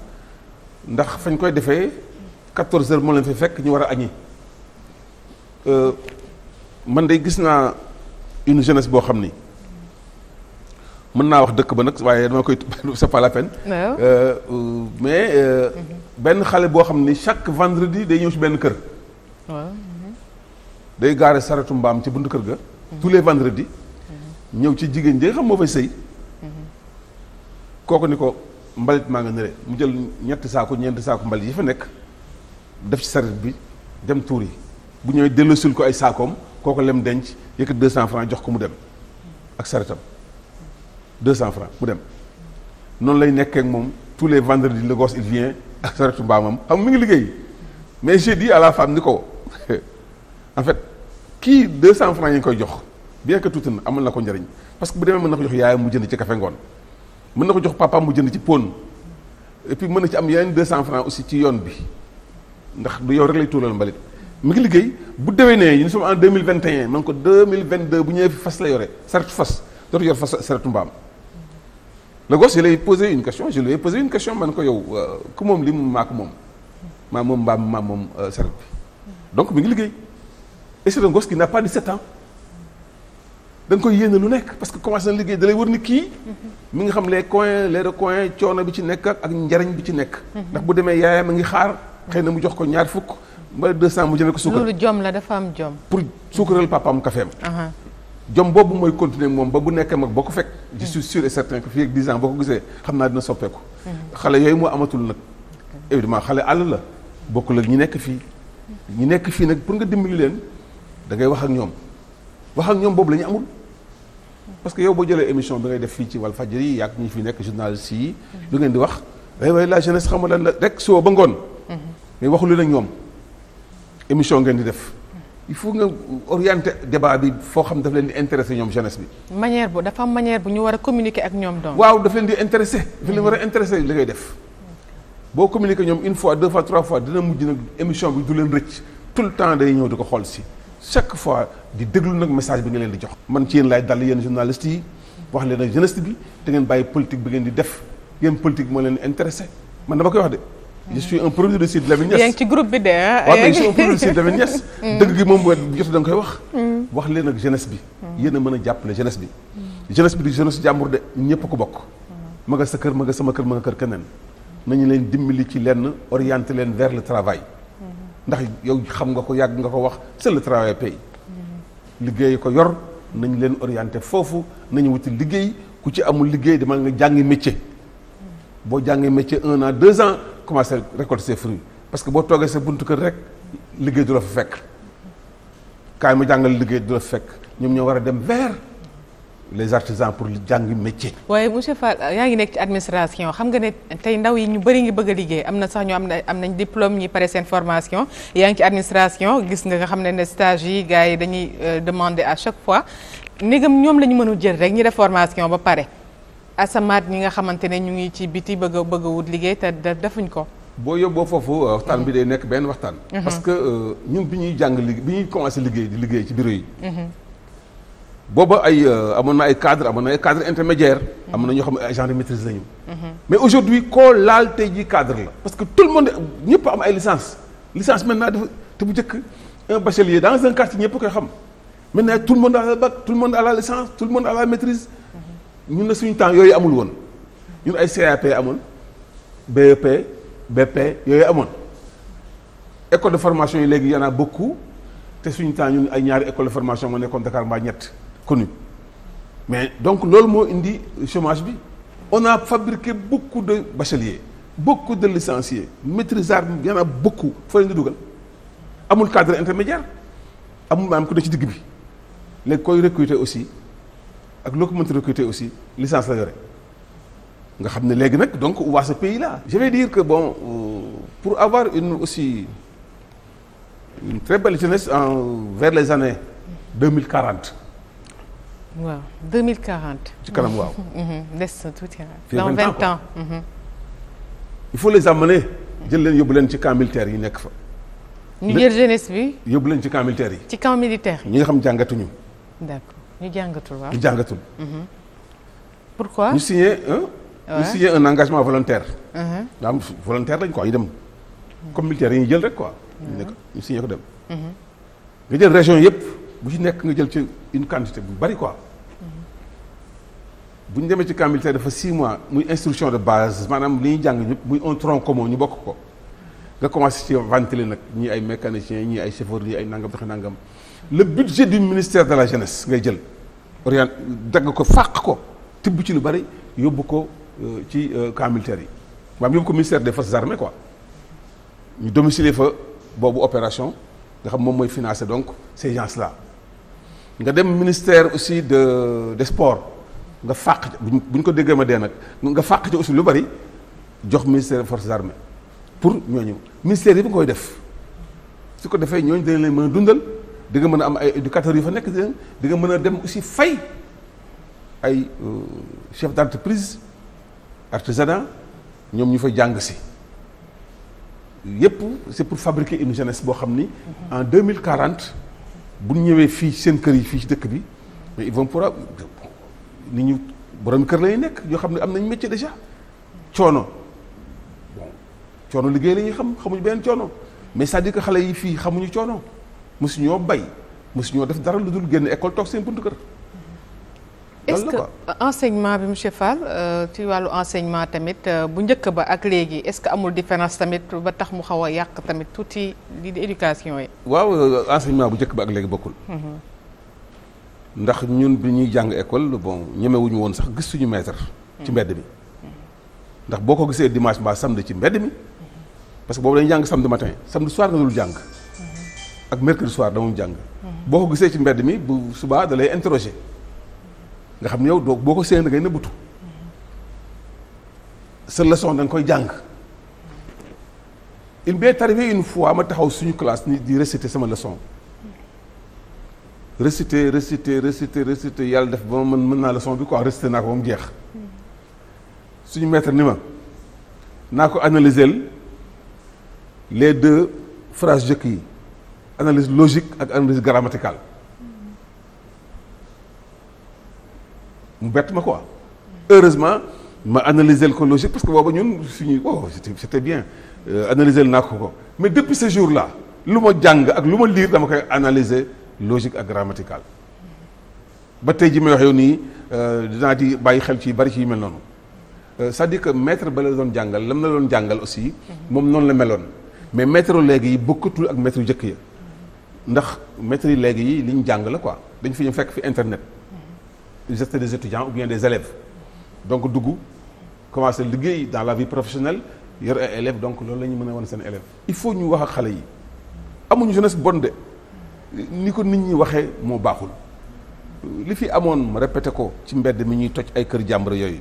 Speaker 2: ndax fañ koy defee 14 heures moo leen fi fekk ñu war a añi euh, man de gis naa une jeunesse boo xam ni mën naa wax dëkk ba nag waaye dama koy c'est pas la peine.
Speaker 3: Euh,
Speaker 2: euh, mais euh, benn xale boo xam ni chaque vendredi day ñëw ci benn kër. day gaare saretu mbaam ci buntu kër ga. tous les vendredis. ñëw ci jigéen ji xam moo fay sëy. kooku ni ko mbalit maa ngi nëre mu jël ñetti saako ñeenti saako mbalit yi fa nekk def ci saret bi dem tuur yi bu ñëwee delloosil ko ay saakoom kooku lem denc yëkkat deux cent francs jox ko mu dem ak saretam. deux cent francs mu dem noonu lay nekkee ak moom tous les vendredis le gosse il vient ak saretu ngi liggéey mais j'ai à la femme ni ko en fait kii deux cent francs yi nga koy jox bien que tuuti na amal ko njariñ parce que bu demee mën na jox yaayam mu jënd ci café ngoon mën na ko jox papaam mu jënd ci pon et puis mën na ci am yeneen deux cent francs aussi ci yoon bi ndax du yow rek lay tuulal mbalit mi ngi liggéey bu déwee nee mille vingt et un man ko fas la yore saretu fas dootu yor fas saretu mbaam le gosse je lui ai posé une question je lui ai une question man ko yow euh, ku moom li mu maa moom maa moom mbaam maa moom euh, saret bi donc mi ngi liggéey et c'est un gosse qui n'a pas 17 ans da nga koy yéene lu nekk parce que commencé na liggéey da lay wër ni kii mi nga xam les coins les recoins coono bi ci nekk ak njariñ bi ci nekk ndax bu demee yaayam a ngi xaar xëy na mu jox ko ñaar fukk de 200 mu jëndee ko suukar loolu
Speaker 1: jom
Speaker 2: pour suukaral papaam kafeem jom boobu mooy continuer moom ba bu nekkee mag boo ko fekk je suis sûr et certain boo ko gisee xam naa dina soppeeku xale yooyu moo amatul nag évidemment xale àll la bokkul ak ñi nekk fii ñi nekk fii nag pour nga dimbali leen da ngay wax ak ñoom wax ak ñoom boobu lañu ñu amul parce que yow boo jëlee émission bi ngay def fii ci faj yi yàgg ñi fi nekk journaliste yi lu ngeen di wax way way la jeunesse xamul lan la rek soo ba ngoon mhm. mais waxulu la ñoom émission ngeen di def il faut nga orienter débat bi foo xam daf leen di intéresser ñoom jeunesse bi.
Speaker 1: manière bu dafa am bu ñu war a communiquer ak ñoom donc. waaw
Speaker 2: daf leen di intéresser. daf leen war a intéresser li ngay def. boo communiquer ñoom une fois deux fois trois fois dina mujj nag émission bi du leen rëcc tout le temps day ñëw di ko xool si chaque fois di déglu nag message bi nga leen di jox. man ci yéen laay dal yéen journalistes yi wax leen ak jeunesse bi te ngeen bàyyi bi ngeen di def yéen politique moo leen intéressé man dama koy wax de. je suis un produit de Sidy Lamine Niass. yaa ngi ci
Speaker 1: groupe bi de ah. waaw mais je suis un produit de Sidy Lamine Niass. Mm. dëgg gi
Speaker 2: moom mooy jot da nga koy wax. Mm. wax leen ak jeunesse bi. Mm. yéen a mën a jàppale jeunesse bi. jeunesse bi di jeunesse jàmbur de ñëpp ko bokk. ma nga sa kër ma nga sama kër ma nga kër keneen. nañu leen dimbali ci lenn orienté leen vers le travail. Mm-hmm. ndax yow xam nga ko yàgg nga ko wax c'est le travail paye. Mm-hmm. liggéey ko yor nañu leen orienté foofu nañu wuti liggéey ku ci amul liggéey demal nga jàngi métier. boo jàngee métier un an deux ans. commencer récolter ses fruits parce que boo toogee sa buntu kër rek liggéey du la fa fekk kaay ma jàngal liggéey du la fa fekk ñoom ñoo war a dem vers les artisans pour jàngi métier.
Speaker 1: waaye monsieur fa yaa ngi nekk ci administration xam nga ne tey ndaw yi ñu bëri ngi bëgg a liggéey am na sax ñoo am na am nañ diplôme ñi pare seen formation yaa ngi ci administration gis nga nga xam ne ne stage yi gars yi dañuy euh, demandé à chaque fois ndegam ñoom la ñu mënul jël rek ñi def formation ba pare. asamaat ñi nga xamante ne ñu ngi ci biti bëgg a bëgg a wut liggéey te defuñ ko.
Speaker 2: boo yóbboo foofu euh, waxtaan bi mhm. day nekk benn waxtaan. Mhm. parce euh, ñun bi ñuy jàng liggéey bi ñuy commencé liggéey ci bureau yi. Mhm. booba ay euh, amoon na ay cadre amoon na ay cadre intermédiaire amoon na ñoo xam ne ay lañu. mais aujourd'hui koo laal tey jii cadre la. parce tout le monde ñëpp am ay licence licence maintenant dafa te bu njëkk un bachelier dans un quartier ñëpp koy xam maintenant tout a la tout le a a ñun na suñu temps yooyu amul woon ñun ay CAP amoon BEP BP yooyu amoon école de formation yi léegi y en a beaucoup te suñu temps ñun ay ñaari école de formation moo nekkoon Dakar mbaa ñett connu mais donc loolu moo indi chômage bi on a fabriqué beaucoup de bacheliers beaucoup de licenciés maîtrisards y en a beaucoup foo leen dugal amul cadre intermédiaire amul maanaam ku ne ci digg bi léegi koy recruter aussi ak loo ko mënti aussi licence la yore nga xam ne léegi nag donc waa ce pays là je dire que bon euh, pour avoir une aussi une très belle jeunesse en vers les années deux mille quarante.
Speaker 1: waaw deux mille ci kanam waaw. Mhm, des na tuuti dans vingt ans mmh.
Speaker 2: il faut les amener. jël leen yóbbu leen ci camp militaire yi nekk fa.
Speaker 1: ñu jël jeunesse bi.
Speaker 2: yóbbu leen ci camp militaire yi.
Speaker 1: ci camp militaire.
Speaker 2: ñi nga xam jàngatuñu.
Speaker 1: ñu jàngatul waaw ñu jàngatul. Mhm. pourquoi ñu signé
Speaker 2: un. ñu signé un engagement volontaire. Mhm. daam volontaire lañ quoi ñu dem. comme militaire yi ñu jël rek quoi. ñu signé ko dem. Mhm. nga jël région yëpp bu ci nekk nga jël ci une quantité bu bari quoi. bu ñu demee ci camp militaire dafa 6 muy instruction de base maanaam li ñuy jàng muy un tronc commun ñu bokk ko nga commencé ci ventiler nag ñii ay mécaniciens ñii ay chauffeurs ñii ay nangam tax nangam le budget du ministère de la jeunesse ngay jël. orient dagg ko fàq ko tibb ci lu bari yóbbu ko euh, ci euh, camp militaire yi maam yóbbu ko ministère des forces armées quoi ñu domicilier fa boobu opération nga xam moom mooy financer donc ces gens là nga dem ministère aussi de des nga fàq bu ñu ko déggee ma dee nag nga fàq ci aussi lu bari jox ministère des forces armées pour ñooñu ministère yi bu koy def su ko defee ñooñu de lañ mën a dundal di nga mën a am ay éducateurs yu fa nekk di nga mën a dem aussi fay ay euh, chef d'entreprise artisanat ñoom ñu fa jàng si yépp c'est pour fabriquer une boo xam ni en deux mille quarante bu ñëwee fii seen kër yi fii ci dëkk bi mais ils pour pouvoir nit ñu borom kër lay nekk ñoo xam ne am nañ métier déjà coono bon coono liggéey la xam xamuñu beneen coono mais cest à xale yi fii xamuñu coono. mosu ñoo bay mosu ñoo def dara lu dul génn école toog seen buntu kër. est
Speaker 1: enseignement bi monsieur Fall euh, ci wàllu enseignement tamit euh, bu njëkk ba ak léegi est-ce que amul différence tamit ba tax mu xaw a yàq tamit tuuti lii di éducation yi.
Speaker 2: waaw euh, enseignement bu njëkk ba ak léegi bokkul. Mhm. ndax ñun bi ñuy jàng école bon ñemewuñu woon sax gis suñu maître. ci mbedd mi. Mhm. ndax boo ko gisee dimanche mbaa samedi ci mbedd mi. Mhm. parce que boobu dañuy jàng samedi matin samedi soir nga dul ak mercredi soir dama jàng. boo ko gisee ci mbedd mi bu subaa da lay interroger nga xam ne yow doo boo ko séen da ngay nëbbutu sa leçon da nga koy jàng. il m'est arrivé une fois ma taxaw suñu classe ni di réciter sama leçon réciter réciter réciter réciter yàlla def ba ma mën mën naa leçon bi quoi réciter naa ko ba mu jeex suñu maître ni ma naa ko analyser les deux phrases jëkk yi. analyse logique ak analyse grammaticale mu bett ma quoi heureusement ma analyser ko logique parce que booba ñun suñu oh c'était bien euh, analyser naa ko ko mais depuis ce jour là lu ma jàng ak lu ma lire dama koy analyser logique ak grammaticale ba tey ji may wax yow nii euh, dinaa di bàyyi xel ci bari ci yu mel noonu euh, c'est-à-dire que maître ba la doon jàngal lam la doon jàngal aussi moom noonu la meloon mais maître léegi yi bokkatul ak maître jëkk yi ndax maîtres yi léegi yi li ñu jàng la quoi dañ fi ñu fekk fi internet j'étais des étudiants ou bien des élèves donc dugg commencé liggéey dans la vie professionnelle yor ay élèves donc loolu la ñu mën a wan seen élèves il faut ñu wax ak xale yi amuñu jeunesse bonne de ni ko nit ñi waxee moo baaxul li fi amoon ma répété ko ci mbedd mi ñuy toj ay kër jàmbur yooyu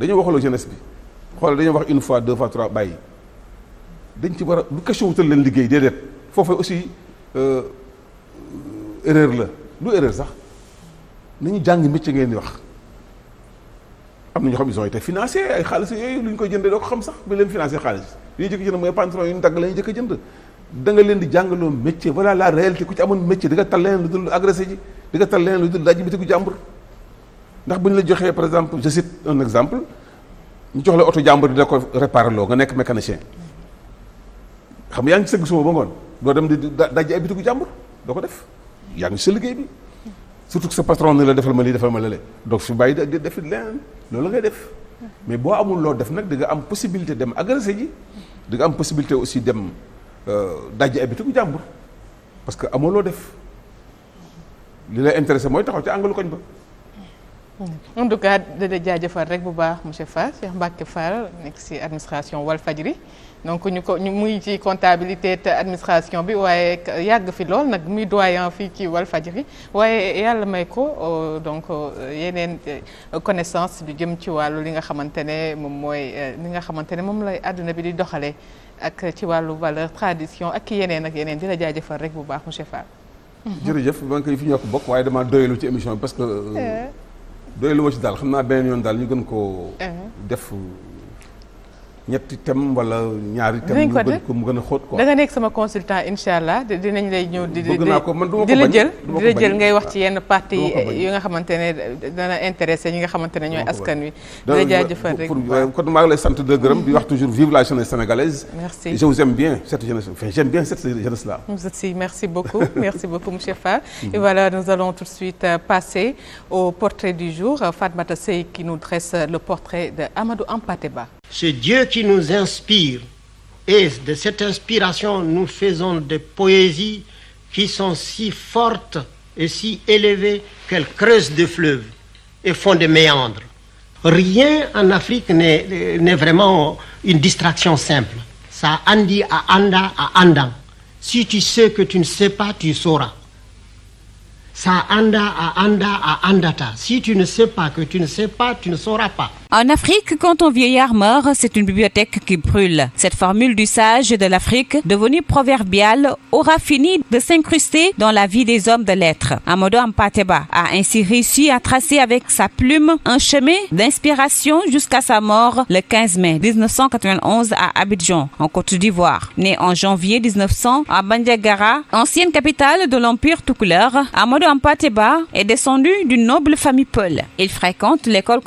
Speaker 2: dañoo waxaloo jeunesse bi xool dañoo wax une fois deux fois trois bàyyi dañ ci war a du question leen liggéey Euh, erreur la lu erreur sax nañu jàng métier ngeen di wax am na ñoo xam ils ont été financé ay xaalis yooyu lu ñu koy jëndee doo ko xam sax bi leen financé xaalis li ñu jëkk jënd mooy pantron yu ñu tagg la jëkk jënd da nga leen di jàngaloo métier voilà la réalité ku ci amoon métier di nga tal leneen lu dul agressé ji di tal leen lu dul daj bi ku jàmbur ndax bu ñu la joxee par exemple je cite un exemple ñu jox la oto jàmbur dina ko répar loo nga nekk mécanicien xam yaa ngi sëgg ba ngoon doo dem di daj ay bitigu jàmbur doo ko def yaa ngi sa liggéey bi surtout sa patron ni la defal ma lii defal ma lale donc su bàyyi di def leen loolu la ngay def mais boo amul loo def nag di nga am possibilité dem agressé ji di nga am possibilité aussi dem euh, daj ay bitigu jàmbur parce que amoo loo def li lay intéressé mooy taxaw ci àngalu koñ ba
Speaker 1: en tout cas dada jaajëfal rek bu baax monsieur Fall Cheikh Mbacke Fall nekk ci administration Walfadjri donc ñu ko ñu muy ci comptabilité te administration bi waaye yàgg fi lool nag muy doyen fii ci Walfadjri waaye yàlla may ko euh, donc euh, yeneen euh, connaissance bi jëm ci wàllu li nga xamante ne moom mooy li nga xamante ne moom lay àdduna bi di doxalee ak ci wàllu valeur tradition ak yeneen ak yeneen di la jaajëfal rek bu baax mu monsieur Fall.
Speaker 2: jërëjëf man kay fi ñoo ko bokk waaye damaa doyalu ci émission bi parce que. Eh. doyalu ma ci daal xam naa beneen yoon daal ñu gën koo. Eh. def. ñetti thèmes wala ñaari thèmes. ko def mu gën a xóot quoi. da
Speaker 1: nekk sama consultant incha allah dinañ lay ñëw. di di di la la jël ngay wax ci yenn parti yi nga xamante ne dana intéressé ñi nga xamante ne ñooy askan wi. di la jaajëfal rek
Speaker 2: euh, kon maa ngi lay sant de gërëm di wax toujours vive la jeunesse sénégalaise. merci je vous aime bien cette jeunesse enfin j'aime bien cette jeunesse là.
Speaker 1: merci merci beaucoup merci beaucoup monsieur Fall.
Speaker 5: qui nous inspire. Et de cette inspiration, nous faisons des poésies qui sont si fortes et si élevées qu'elles creusent des fleuves et font des méandres. Rien en Afrique n'est vraiment une distraction simple. Ça andi à anda à andan. Si tu sais que tu ne sais pas, tu sauras. Ça anda à anda à andata. Si tu ne sais pas que tu ne sais pas, tu ne sauras pas.
Speaker 6: En Afrique, quand on vieillard meurt, c'est une bibliothèque qui brûle. Cette formule du sage de l'Afrique, devenue proverbiale, aura fini de s'incruster dans la vie des hommes de lettres. Amadou Ampateba a ainsi réussi à tracer avec sa plume un chemin d'inspiration jusqu'à sa mort le 15 mai 1991 à Abidjan, en Côte d'Ivoire. Né en janvier 1900 à Bandiagara, ancienne capitale de l'Empire tout couleur, Ampateba est descendu d'une noble famille Peul. Il fréquente l'école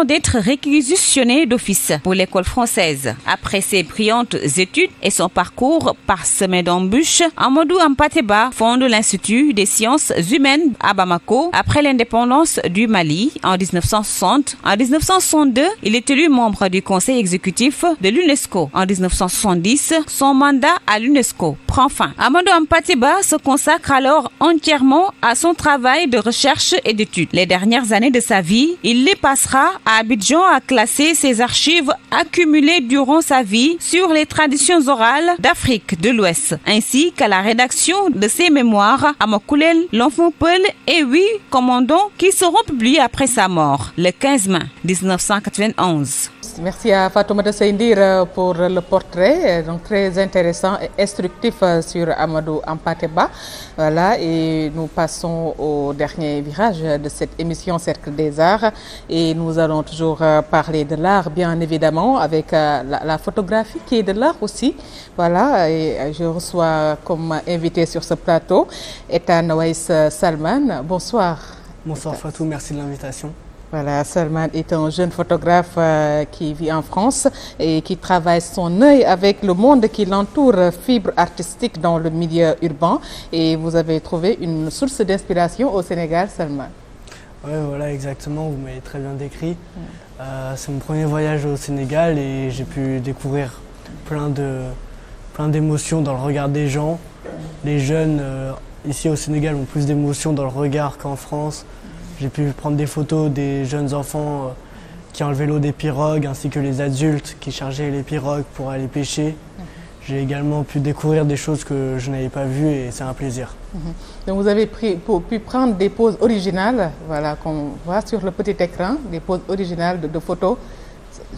Speaker 6: avant d'être réquisitionné d'office pour l'école française. Après ses brillantes études et son parcours parsemé d'embûches, Amadou Ampateba fonde l'Institut des sciences humaines à Bamako après l'indépendance du Mali en 1960. En 1962, il est élu membre du conseil exécutif de l'UNESCO. En son mandat à l'UNESCO prend fin. Amadou Ampateba se consacre alors entièrement à son travail de recherche et d'études. Les dernières années de sa vie, il les passera a classé ses archives accumulées durant sa vie sur les traditions orales d'Afrique de l'Ouest, ainsi qu'à la rédaction de ses mémoires Amakoulel, l'enfant Peul et huit commandants qui seront publiés après sa mort le mai Merci à
Speaker 1: de Seyndir euh, pour le portrait, euh, donc très intéressant et instructif euh, sur Amadou Ampateba. Voilà, et nous passons au dernier virage de cette émission Cercle des Arts. Et nous allons toujours parler de l'art, bien évidemment, avec la, la, photographie qui est de l'art aussi. Voilà, et je reçois comme invité sur ce plateau Etan Waïs Salman. Bonsoir. Bonsoir Fatou, merci de l'invitation. Voilà, Salman est un jeune photographe euh, qui vit en France et qui travaille son œil avec le monde qui l'entoure, euh, fibre artistique dans le milieu urbain. Et vous avez trouvé une source d'inspiration au Sénégal, Salman.
Speaker 5: voilà, exactement, vous m'avez très bien décrit. Mm. Euh, c'est mon premier voyage au Sénégal et j'ai pu découvrir plein de plein d'émotions dans le regard des gens. Les jeunes euh, ici au Sénégal ont plus d'émotions dans le regard qu'en France. J'ai pu prendre des photos des jeunes enfants euh, qui enlevaient l'eau des pirogues, ainsi que les adultes qui chargeaient les pirogues pour aller pêcher. Mmh. J'ai également pu découvrir des choses que je n'avais pas vues et c'est un plaisir.
Speaker 1: Mmh. Donc vous avez pris, pour, pu prendre des poses originales, voilà, qu'on voit sur le petit écran, des poses originales de, de photos.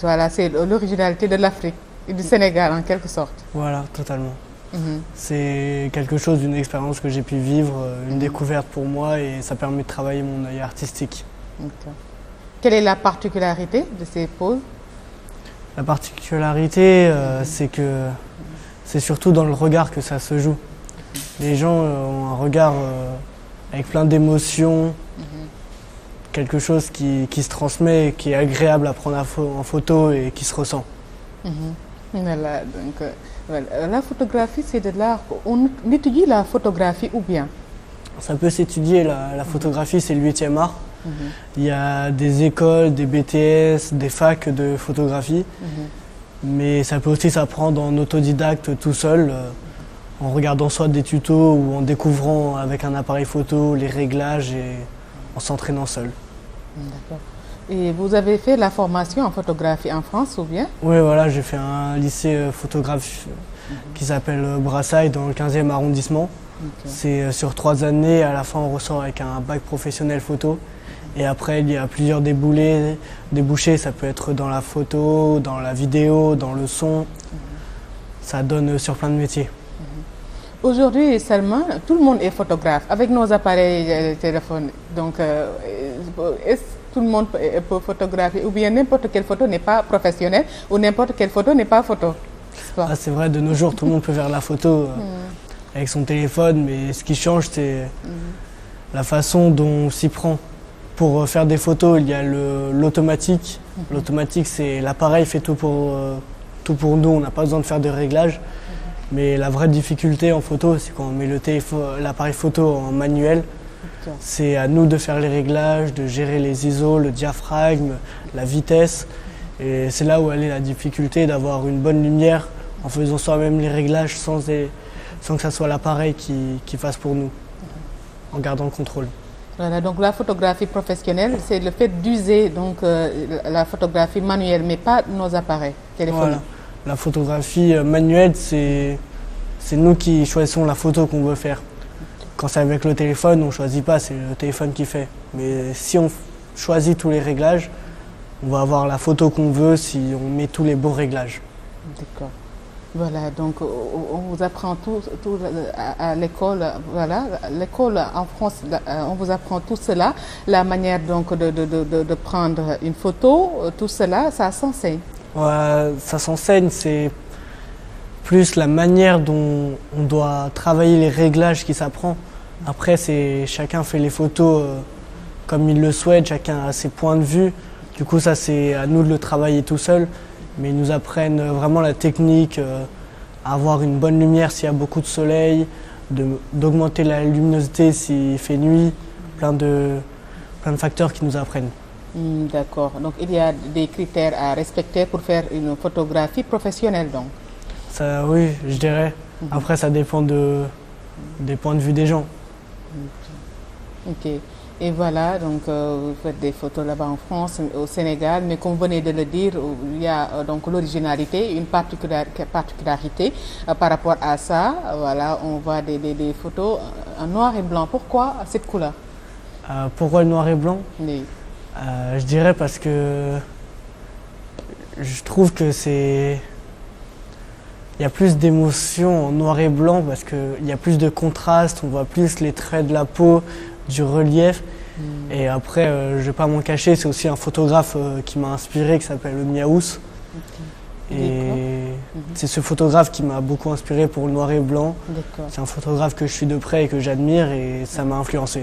Speaker 1: Voilà, c'est l'originalité de l'Afrique et du mm. Sénégal en quelque sorte.
Speaker 5: Voilà, totalement. Mm -hmm. C'est quelque chose, une expérience que j'ai pu vivre, euh, une mm -hmm. découverte pour moi et ça permet de travailler mon œil artistique.
Speaker 1: Okay. Quelle est la particularité de ces poses
Speaker 5: La particularité, euh, mhm. c'est que c'est surtout dans le regard que ça se joue. Les gens euh, ont un regard euh, avec plein d'émotions, mhm. quelque chose qui, qui, se transmet, qui est agréable à prendre en photo et qui se ressent.
Speaker 1: Mmh. Voilà, donc euh, Euh, la photographie, c'est de l'art. On étudie la photographie ou bien
Speaker 5: Ça peut s'étudier. La, la, photographie, c'est le huitième art. Mm -hmm. Il y a des écoles, des BTS, des facs de photographie. Mm -hmm. Mais ça peut aussi s'apprendre en autodidacte tout seul, euh, en regardant soit des tutos ou en découvrant avec un appareil photo les réglages et en s'entraînant seul.
Speaker 1: D'accord. Et vous avez fait la formation en photographie en France ou bien
Speaker 5: Oui, voilà, j'ai fait un lycée euh, photographe euh, qui s'appelle euh, Brassailles dans le 15e arrondissement. Okay. C'est sur trois années, à la fin on ressort avec un bac professionnel photo. Et après, il y a plusieurs déboulés, débouchés, ça peut être dans la photo, dans la vidéo, dans le son. Ça donne sur plein de métiers. Mhm.
Speaker 1: Aujourd'hui seulement, tout le monde est photographe avec nos appareils téléphones. Donc, est tout le monde peut photographier ou bien n'importe quelle photo n'est pas professionnelle ou n'importe quelle photo n'est pas photo.
Speaker 5: c'est ah, vrai, de nos jours, tout le monde peut faire la photo euh, hmm. avec son téléphone, mais ce qui change, c'est hmm. la façon dont s'y prend. Pour euh, faire des photos, il y a l'automatique. Mm. L'automatique, c'est l'appareil euh, tout pour, nous, on n'a pas besoin de faire de réglages. Hmm. Mais la vraie difficulté en photo, c'est quand met l'appareil photo en manuel, C'est à nous de faire les réglages, de gérer les ISO, le diaphragme, la vitesse. Et c'est là où elle est la difficulté d'avoir une bonne lumière en faisant soi-même les réglages sans, les, sans que ce soit l'appareil qui, qui, fasse pour nous, en gardant le contrôle.
Speaker 1: Voilà, donc la photographie professionnelle, c'est le fait d'user donc euh, la photographie manuelle, mais pas nos appareils
Speaker 5: téléphoniques. Voilà. La photographie euh, manuelle, c'est nous qui choisissons la photo qu'on veut faire. Quand c'est avec le téléphone, on ne choisit pas, c'est le téléphone qui fait. Mais si on choisit tous les réglages, on va avoir la photo qu'on veut si on met tous les beaux réglages. D'accord.
Speaker 1: Voilà, donc on vous apprend tout, tout à, l'école, voilà, l'école en France, euh, on vous apprend tout cela, la manière donc de, de, de, de prendre une photo, euh, tout cela, ça s'enseigne.
Speaker 5: Ouais, ça s'enseigne, c'est plus la manière dont on doit travailler les réglages qui s'apprend. Après, c'est chacun fait les photos euh, comme il le souhaite, chacun a ses points de vue. Du coup, ça, c'est à nous de le travailler tout seul. Mais ils nous apprennent euh, vraiment la technique, euh, à avoir une bonne lumière s'il y a beaucoup de soleil, d'augmenter la luminosité s'il fait nuit, plein de, plein de facteurs qui nous apprennent.
Speaker 1: Mmh, D'accord. Donc il y a des critères à respecter pour faire une photographie professionnelle donc
Speaker 5: ça, Oui, je dirais. Mmh. Après, ça dépend de, des points de vue des gens.
Speaker 1: et voilà donc euh, vous faites des photos là-bas en France euh, au Sénégal mais comme venez de le dire euh, il y a euh, l'originalité une particularité, par rapport à ça voilà on voit des, photos noir et blanc pourquoi cette couleur
Speaker 5: pourquoi le noir et blanc parce que je qu'il y a plus de contraste, on voit plus les traits de la peau, du relief. Mmh. Et après, euh, je vais pas m'en cacher, c'est aussi un photographe euh, qui m'a inspiré, qui s'appelle Miaous. Okay. Et mhm. c'est mmh. ce photographe qui m'a beaucoup inspiré pour le noir et blanc. C'est un photographe que je suis de près et que j'admire et ça m'a influencé.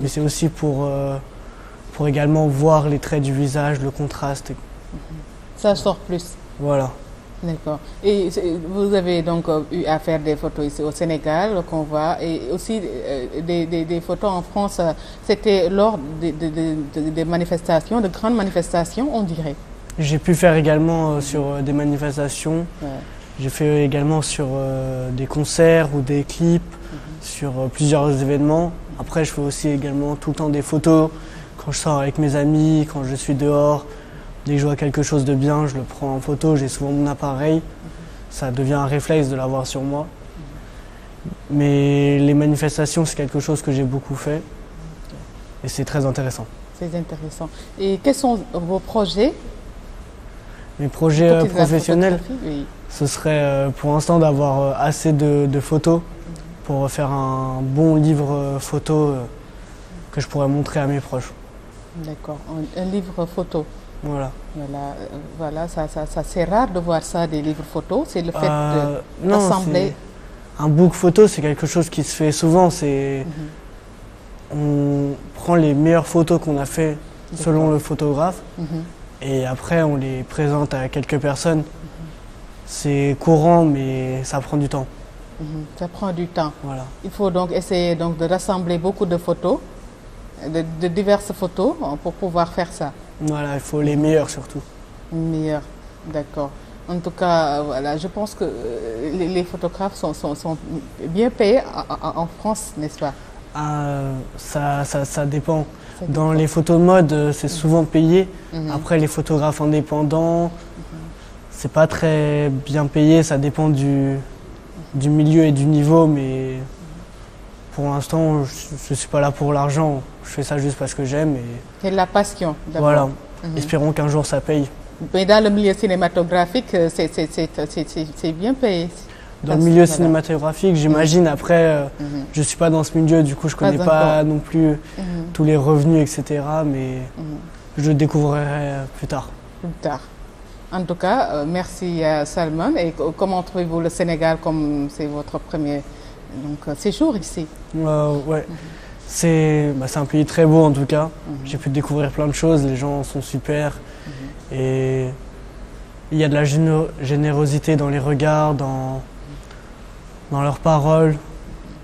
Speaker 5: Mais c'est aussi pour, euh, pour également voir les traits du visage, le contraste. Et... Mmh. Ça sort plus. Voilà.
Speaker 1: D'accord. Et vous avez donc euh, eu à faire des photos ici au Sénégal qu'on voit et aussi euh, des, des, des photos en France. Euh, c'était lors des, des manifestations, de grandes manifestations, on dirait.
Speaker 5: J'ai pu faire également sur des manifestations. Ouais. J'ai fait également sur des concerts ou des clips, mm -hmm. sur plusieurs événements. Après, je fais aussi également tout le temps des photos quand je sors avec mes amis, quand je suis dehors. Dès que je vois quelque chose de bien, je le prends en photo. J'ai souvent mon appareil. Ça devient un réflexe de l'avoir sur moi. Mais les manifestations, c'est quelque chose que j'ai beaucoup fait. Et c'est très intéressant.
Speaker 1: C'est intéressant. Et quels sont vos projets
Speaker 5: Mes projets euh, professionnels oui. Ce serait euh, pour l'instant d'avoir euh, assez de, de photos mm -hmm. pour faire un bon livre euh, photo euh, que je pourrais montrer à mes proches.
Speaker 1: D'accord, un, un livre photo. voilà voilà euh, voilà ça ça ça c'est rare de voir ça des livres photos c'est le fait de euh, non,
Speaker 5: un book photo c'est quelque chose qui se fait souvent c'est mhm. on prend les meilleures photos qu'on a fait selon le photographe mhm. et après on les présente à quelques personnes c'est courant mais mhm. ça prend du temps voilà
Speaker 1: il faut donc essayer donc de rassembler beaucoup de photos de, diverses photos pour pouvoir faire ça
Speaker 5: Voilà, il faut les meilleurs surtout. Meilleurs,
Speaker 1: d'accord. En tout cas, euh, voilà, je pense que euh, les, les photographes sont, sont, sont, bien payés en, en France, n'est-ce pas
Speaker 5: euh, ça, ça, ça, dépend. ça, dépend. Dans les photos de mode, euh, c'est mm. souvent payé. Mm -hmm. Après, les photographes indépendants, mm -hmm. c'est pas très bien payé. Ça dépend du, du milieu et du niveau, mais pour l'instant, je ne suis pas là pour l'argent. Je fais ça juste parce que j'aime. Et...
Speaker 1: C'est la passion, d'abord. Voilà. Mmh. Espérons
Speaker 5: qu'un jour ça paye.
Speaker 1: Mais dans le milieu cinématographique, euh, c'est bien payé. Dans le milieu
Speaker 5: cinématographique, j'imagine. Mmh. Après, euh, mmh. je ne suis pas dans ce milieu, du coup, je ne connais pas, pas non plus mhm. tous les revenus, etc. Mais mhm. je découvrirai euh, plus tard. Plus tard.
Speaker 1: En tout cas, euh, merci à euh, Salman. Et comment trouvez-vous le Sénégal comme c'est votre premier
Speaker 5: donc euh, c'est jour ici. Euh, ouais. Mhm. C'est un pays très beau en tout cas. Mm -hmm. J'ai pu découvrir plein de choses, les gens sont super. Mhm. Et il y a de la générosité dans les regards, dans, leurs paroles.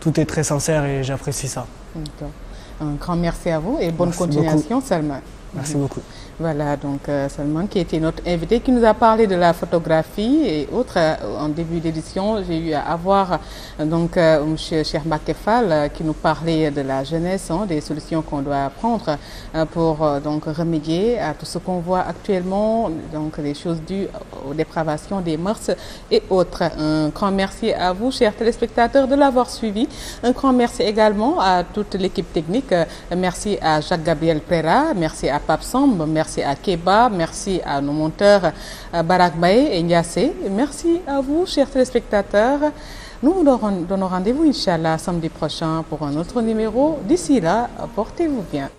Speaker 5: Tout est très sincère et j'apprécie ça.
Speaker 1: et bonne merci continuation, beaucoup. Merci beaucoup. Voilà donc euh, Salman qui était notre invité qui nous a parlé de la photographie et autres euh, en début d'édition j'ai eu à avoir euh, donc euh, monsieur Cheikh Mbacké Fall qui nous parlait de la jeunesse hein, des solutions qu'on doit prendre pour donc remédier à tout ce qu'on voit actuellement les choses dues aux dépravations des mœurs et autres un grand merci à vous chers téléspectateurs de l'avoir suivi un grand merci également à toute l'équipe technique merci à Jacques Gabriel Préra merci à Pape Samb merci à Keba merci à nos monteurs Barak Mbaye et Ndiassé merci à vous chers téléspectateurs nous vous donnons vous inchallah samedi prochain pour un autre numéro d'ici là portez-vous bien